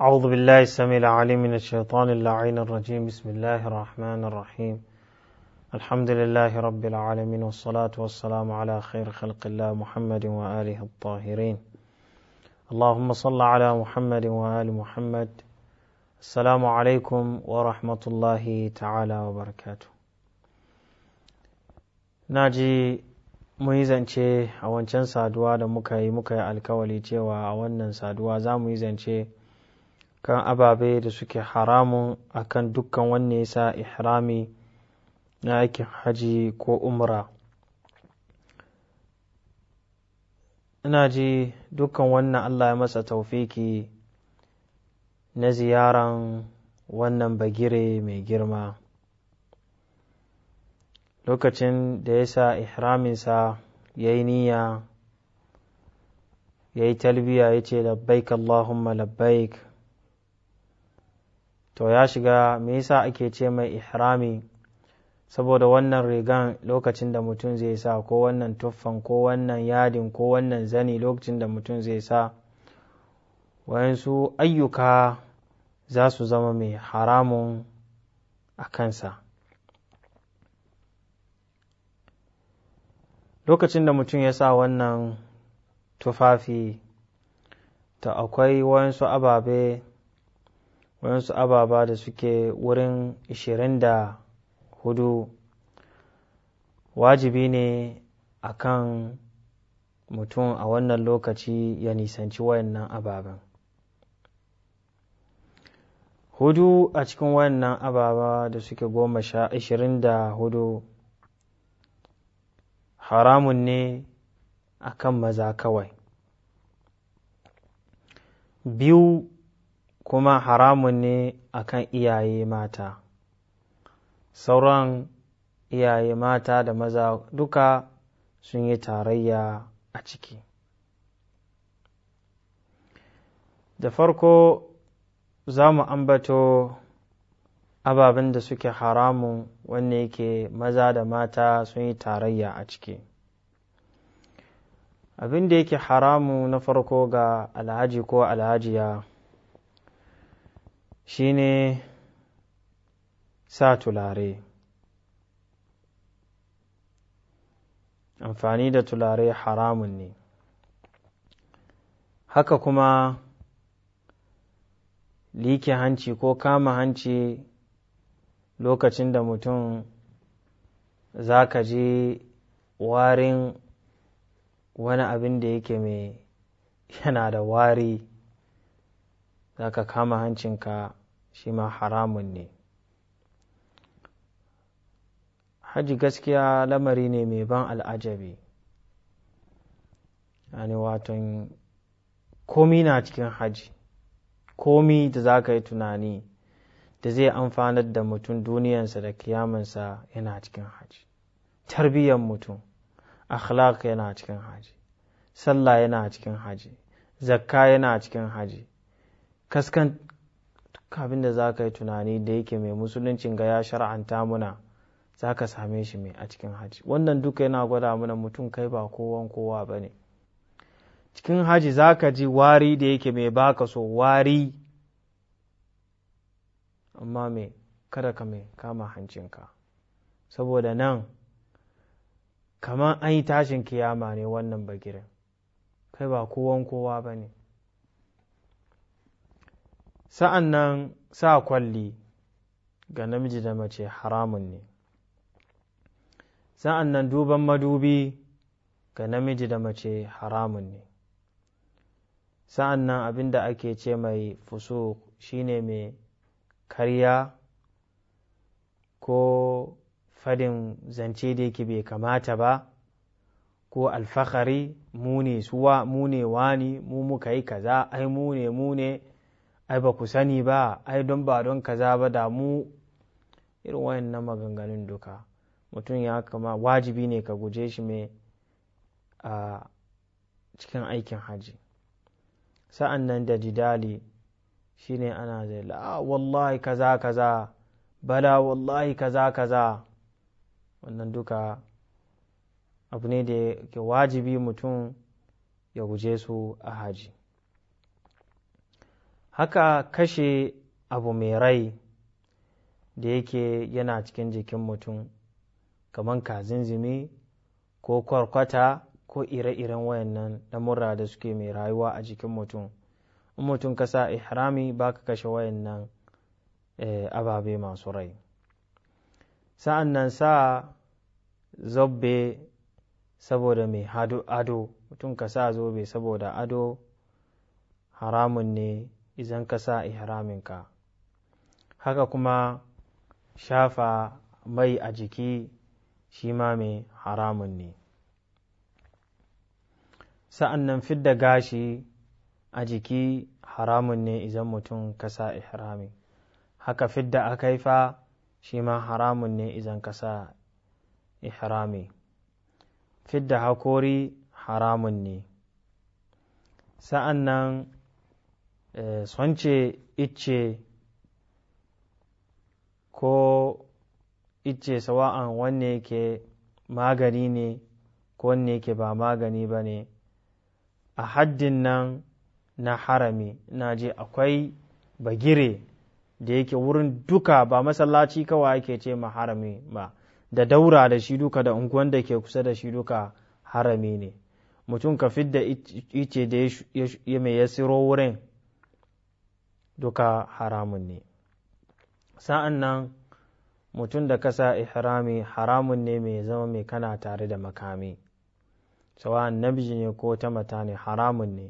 أعوذ بالله السميع العليم من الشيطان اللعين الرجيم بسم الله الرحمن الرحيم الحمد لله رب العالمين والصلاة والسلام على خير خلق الله محمد وآله الطاهرين اللهم صل على محمد وآل محمد السلام عليكم ورحمة الله تعالى وبركاته ناجي mu yi zance a wancan saduwa da muka yi muka yi alkawali cewa a wannan saduwa za mu yi zance kan ababe da suke haramun akan dukkan wanne yasa ihrami na aikin haji ko umra ina ji dukkan wannan Allah ya masa taufiki na ziyaran wannan bagire mai girma lokacin da ya sa ihraminsa ya yi niyya ya yi talbiya ya ce labbaik Allahumma labbaik to ya shiga me yasa ake ce mai ihrami saboda wannan rigan lokacin da mutum zai sa ko wannan tuffan ko wannan yadin ko wannan zani lokacin da mutum zai sa wayansu ayyuka za su zama mai haramun a kansa lokacin da mutum ya sa wannan tufafi ta akwai wayansu ababe waɗansu ababa da suke wurin 24 wajibi ne akan mutum a wannan lokaci ya nisanci wayannan ababen hudu a cikin wayannan ababa da suke goma sha ashirin da hudu haramun ne akan maza kawai biyu kuma haramun ne akan iyaye mata sauran iyaye mata da maza duka sun yi tarayya a ciki da farko za mu ambato ababen da suke haramun wanne yake maza da mata sun yi tarayya a ciki abin da yake haramu na farko ga alhaji ko alhajiya Shi ne sa tulare amfani da tulare haramun ne haka kuma like hanci ko kama hanci lokacin da mutum za ka ji warin wani abin da yake mai yana da wari za ka kama hancinka shi ma haramun ne hajji gaskiya lamari ne mai ban al'ajabi yani watan komi na cikin hajji komi da za ka yi tunani da zai amfanar da mutum duniyansa da kiyamansa yana cikin haji tarbiyyar mutum akhlaq yana cikin haji sallah yana cikin haji zakka yana cikin hajji kaskan abin da za ka yi tunani da yake mai musuluncin ga ya shar'anta muna za ka same shi mai a cikin haji wannan duka yana gwada mana mutum kai ba kowan kowa ba ne cikin haji za ka ji wari da yake mai baka so wari amma mai kada ka mai kama hancinka saboda nan kamar an yi tashin kiyama ne wannan bagirin kai ba kowan kowa ba ne sa'an nan sa kwalli ga namiji da mace haramun ne sa'an nan duban madubi ga namiji da mace haramun ne sa'an nan abin da ake ce mai fuso shine mai karya ko fadin zance da yake bai kamata ba ko alfahari mu ne mu wani mu muka yi kaza ai mu ne ne ai ba ku sani ba ai don ba don kaza ba damu irin wayan na maganganun duka mutum ya kama wajibi ne ka guje shi mai a cikin aikin hajji. sa'an nan da jidali shine ana zai la ah, wallahi kaza kaza bala wallahi kaza kaza wannan duka abu ne da ke wajibi mutum ya guje su a haji haka kashe abu mai rai da yake yana cikin jikin mutum kamar kazinzimi ko kwarkwata ko ire-iren wayannan lamurra da suke mai rayuwa a jikin mutum in mutum ka sa ihrami ba ka kashe wayannan eh, ababe masu rai sa'an nan sa zobe saboda mai ado mutum ka sa zobe saboda ado haramun ne idan ka sa ihraminka haka kuma shafa mai a jiki shi ma mai haramun ne sa'an nan fidda gashi a jiki haramun ne idan mutum ka sa ihrami haka fidda akaifa shi ma haramun ne idan ka sa ihrami fidda hakori haramun ne sa'an nan sonce icce ko icce sawa'an wanne ke magani ne ko wanne ke ba magani ba ne a haddin nan na harami na je akwai bagire da yake wurin duka ba masallaci kawai yake ce ma harami ba da daura da shi duka da unguwan da ke kusa da shi duka harami ne mutum ka fidda ice da ya mai ya siro wurin duka haramun ne sa'an nan mutum da kasa ihrami haramun ne mai zama mai kana tare da makami sawa namiji ne ko ta mata ne haramun ne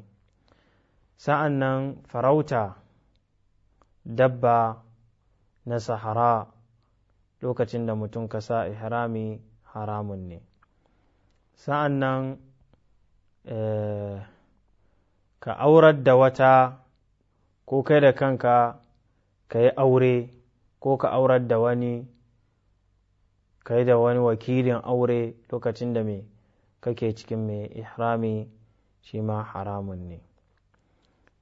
sa'an nan farauta dabba na sahara lokacin da mutum ka sa ihrami haramun ne sa'an nan eh, ka aurar da wata ko kai da kanka ka yi aure ko ka aurar da wani kai da wani wakilin aure lokacin da me kake cikin mai ihrami shi ma haramun ne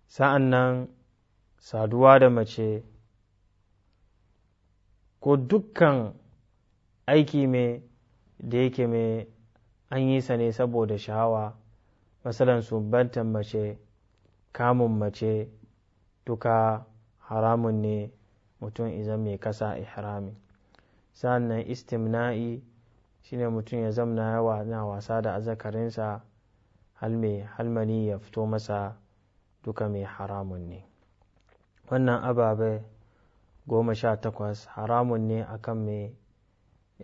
sa'an nan saduwa da mace ko dukkan aiki mai da yake mai an yi sa ne saboda sha'awa masalan sumbantan mace kamun mace duka haramun ne mutum izan mai kasa ihrami sannan istimna'i shine mutum ya zamna yawa na wasa da azakarinsa halmani ya fito masa duka mai haramun ne wannan ababe goma sha takwas haramun ne akan mai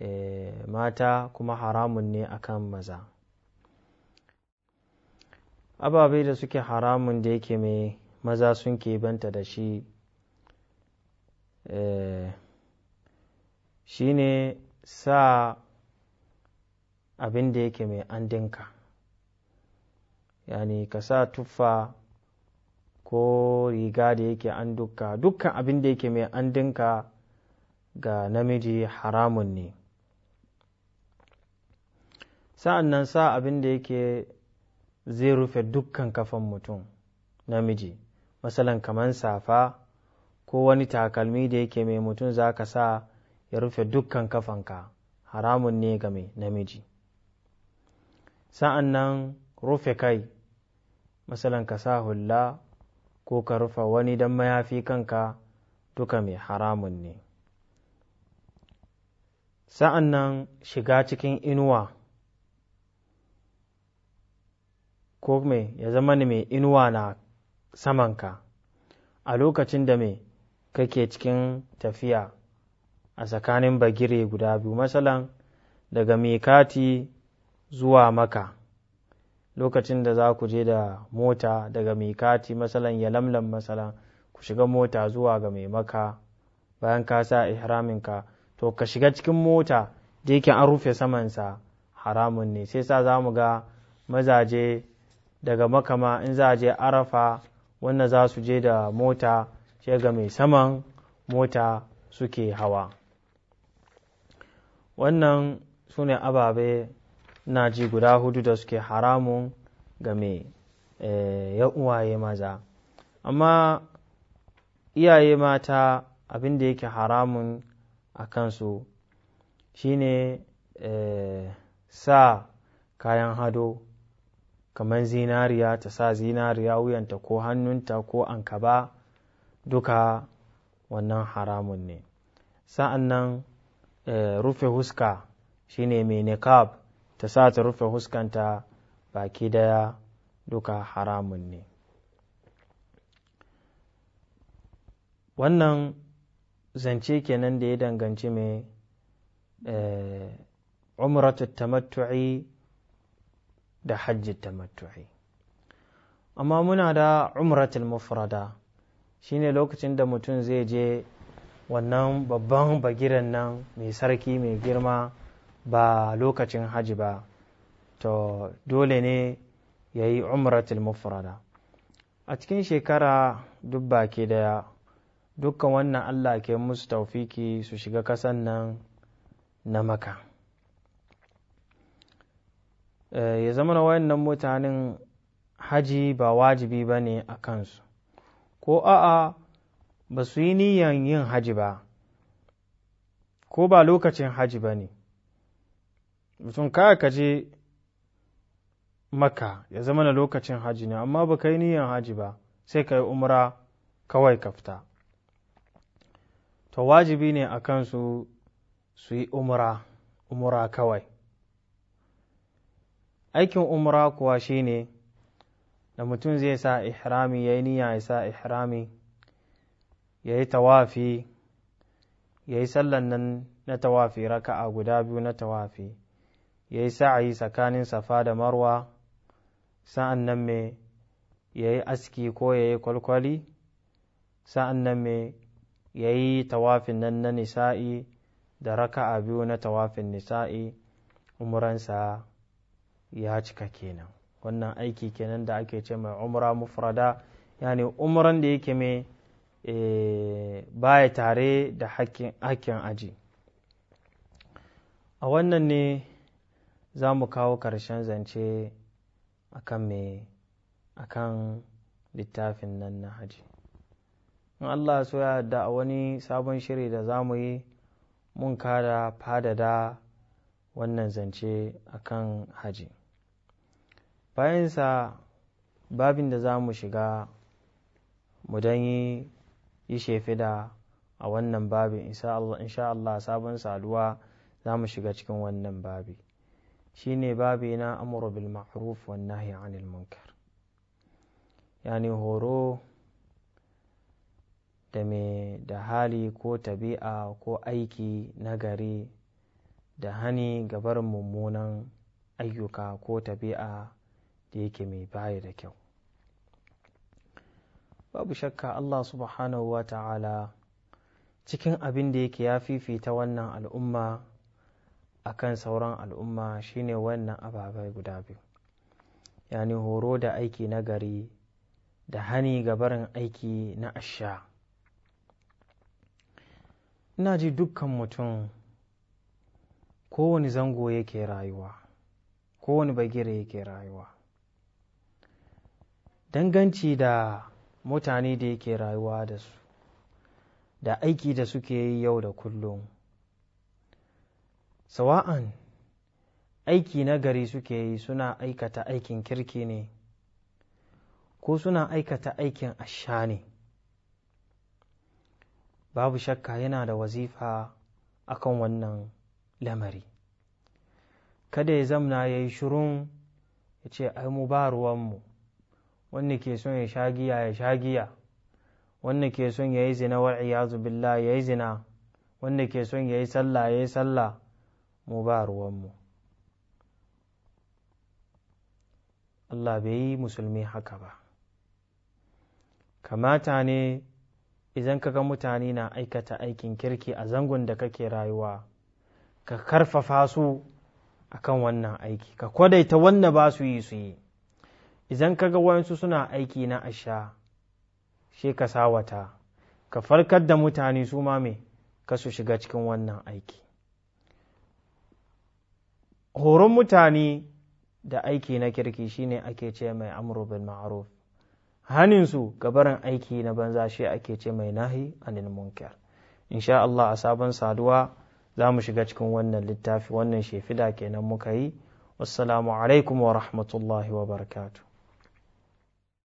eh, mata kuma haramun ne akan maza ababe da suke haramun da yake mai maza sun banta da shi eh, shi ne sa abin da yake mai an dinka yani ka sa tuffa ko riga da yake an duka dukkan abin da yake mai an dinka ga namiji haramun ne sa'an nan sa abin da yake zai rufe dukkan kafan mutum namiji masalan kamar safa ko wani takalmi da yake mai mutum za ka sa ya rufe dukkan kafanka haramun ne ga mai namiji sa'an nan rufe kai masalan ka sa hulla ko ka rufe wani don mayafi kanka duka mai haramun ne sa'an nan shiga cikin inuwa ko mai ya zama mai inuwa na samanka a lokacin da me kake cikin tafiya a tsakanin bagire guda biyu masalan daga mekati zuwa maka lokacin da za ku je da mota daga mekati masalan ya lamlam masalan ku shiga mota zuwa ga mai maka bayan ka sa ihraminka to ka shiga cikin mota da yake an rufe samansa haramun ne sai sa za mu ga mazaje daga makama in za a je arafa wannan za su je da mota sai ga mai saman mota suke hawa wannan su ne ababe na ji guda hudu da suke haramun ga mai eh, uwaye maza amma iyaye mata abin da yake haramun a kansu shine eh, sa kayan hado kamar zinariya ta sa zinariya wuyanta ko hannunta ko ankaba duka wannan haramun ne sa'an nan eh, rufe huska shi ne mai niqab ta sa ta rufe huskanta baki daya duka haramun ne wannan zance kenan da ya danganci mai eh, umratu tamattu'i da hajji ta matu'i amma muna da umratul mufrada shine lokacin da mutum zai je wannan babban bagiran nan mai sarki mai girma ba lokacin hajji ba to dole ne ya yi umratul mufrada a cikin shekara dubba ke daya dukkan wannan allah ke musu taufiki su shiga kasan nan na maka Eh, ya zama na wayannan mutanen haji ba wajibi ba ne a kansu ko a'a ba su yi niyan yin haji ba ko ba lokacin haji ba ne mutum kaya ka je maka ya zama na lokacin haji ne amma ba ka yi niyan haji ba sai ka yi umra kawai ka fita to wajibi ne a kansu su yi umra umra kawai aikin umra kuwa shine da mutum zai sa ihrami ya yi niyya ya sa ihrami ya yi tawafi ya yi sallan nan na tawafi raka'a guda biyu na tawafi ya yi sa'ayi tsakanin safa da marwa sa'an nan mai ya yi aski ko ya yi kwalkwali sa'an nan mai ya yi tawafin nan na nisa'i da raka'a biyu na tawafin nisa'i umuransa ya cika kenan wannan aiki kenan da ake ce mai umra mufrada yani umran da yake mai eh, baya tare da hakkin aji a wannan ne za mu kawo ƙarshen zance akan mai akan littafin nan na haji in allah so ya da a wani sabon shiri da za mu yi mun kada fadada wannan zance akan haji bayansa babin da za mu shiga mu don yi yi da a wannan babi insha Allah sabon saluwa za mu shiga cikin wannan babi shine babi na amuru bil ma'ruf wan nahyi anil munkar ni horo da mai da hali ko tabi'a ko aiki nagari da hani gabar mummunan ayyuka ko tabi'a da yake mai baya da kyau babu shakka Allah subhanahu wa ta'ala cikin abin da yake ya fifita wannan al'umma a kan sauran al'umma shine wannan ababai guda biyu yani horo da aiki na gari da hani ga barin aiki na asha ina ji dukkan mutum kowane zango yake rayuwa kowane bagire yake rayuwa danganci da mutane da yake rayuwa da su da aiki da suke yi yau da kullum sawa'an aiki na gari suke yi suna aikata aikin kirki ne ko suna aikata aikin asha ne babu shakka yana da wazifa akan wannan lamari kada ya zamna ya yi shirun ya ce ai mu ba ruwanmu wanda ke son ya sha giya ya sha giya wanda ke son ya yi zina wal iyazu billah ya yi zina wanda ke son ya yi sallah ya yi sallah mu ba ruwanmu Allah bai yi musulmi haka ba kamata ne idan ka ga mutane na aikata aikin kirki a zangon da kake rayuwa ka karfafa su akan wannan aiki ka kwadaita wanda ba su yi su yi idan kaga wayansu suna aiki na asha she ka sawata ka farkar da mutane su ma me ka su shiga cikin wannan aiki horon mutane da aiki na kirki shine ake ce mai amru bil ma'ruf haninsu gabarin aiki na banza shi ake ce mai nahi anil munkar insha Allah a sabon saduwa za mu shiga cikin wannan littafi wannan shefida kenan muka yi wassalamu alaikum wa rahmatullahi wa barakatuh